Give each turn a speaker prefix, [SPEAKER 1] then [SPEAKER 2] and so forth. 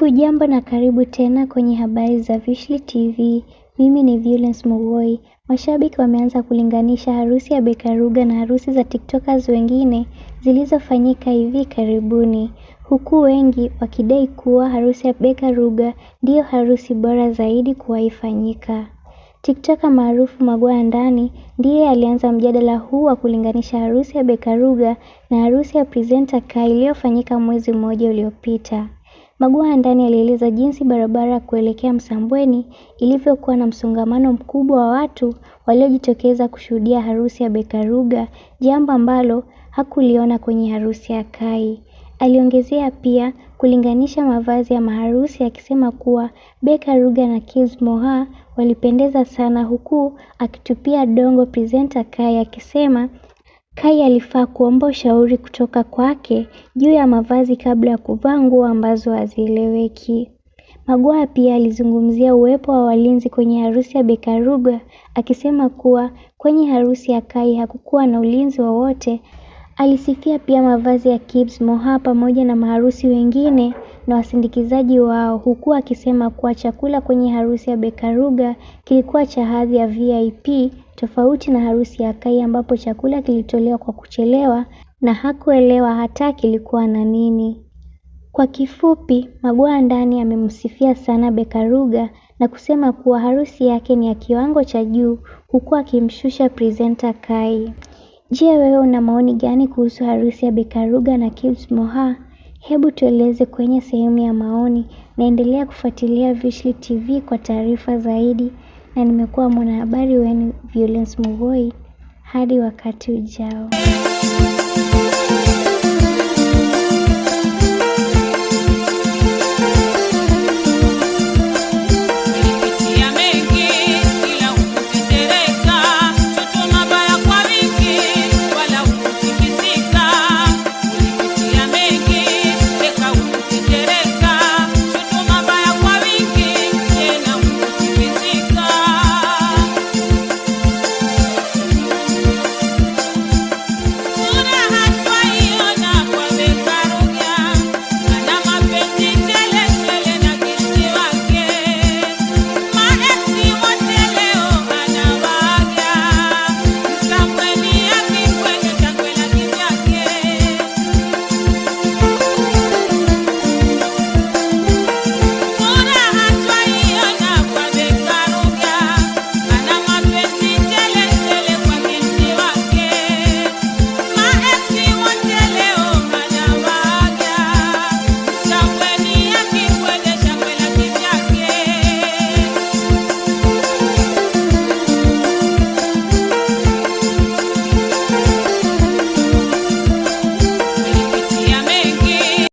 [SPEAKER 1] Hujambo na karibu tena kwenye habari za Veushly TV. Mimi ni Violence Mugoi. Mashabiki wameanza kulinganisha harusi ya Bekaruga na harusi za TikTokers wengine zilizofanyika hivi karibuni, huku wengi wakidai kuwa harusi ya Bekaruga ndiyo harusi bora zaidi kuwaifanyika TikToker maarufu Magwaya Ndani ndiye alianza mjadala huu wa kulinganisha harusi ya Bekaruga na harusi ya presenter Kai iliyofanyika mwezi mmoja uliopita ya ndani alieleza jinsi barabara ya kuelekea Msambweni ilivyokuwa na msongamano mkubwa wa watu waliojitokeza kushuhudia harusi ya Bekaruga, jambo ambalo hakuliona kwenye harusi ya Kai. Aliongezea pia kulinganisha mavazi ya maharusi akisema kuwa bekaruga na Kiz Moha walipendeza sana huku akitupia dongo presenter Kai akisema Kai alifaa kuomba ushauri kutoka kwake juu ya mavazi kabla ya kuvaa nguo ambazo hazieleweki. Magwaa pia alizungumzia uwepo wa walinzi kwenye harusi ya bekaruga akisema kuwa kwenye harusi ya Kai hakukuwa na ulinzi wowote. Alisifia pia mavazi ya Kibs Moha pamoja na maharusi wengine na wasindikizaji wao huku akisema kuwa chakula kwenye harusi ya bekaruga kilikuwa cha hadhi ya VIP tofauti na harusi ya Kai ambapo chakula kilitolewa kwa kuchelewa na hakuelewa hata kilikuwa na nini. Kwa kifupi, Magwaa ndani amemsifia sana Bekaruga na kusema kuwa harusi yake ni ya kiwango cha juu huku akimshusha presenter Kai. Je, wewe una maoni gani kuhusu harusi ya Bekaruga na Cubes Moha? Hebu tueleze kwenye sehemu ya maoni. Naendelea kufuatilia Veushly TV kwa taarifa zaidi na nimekuwa mwanahabari wenu Violence Mugoi hadi wakati ujao.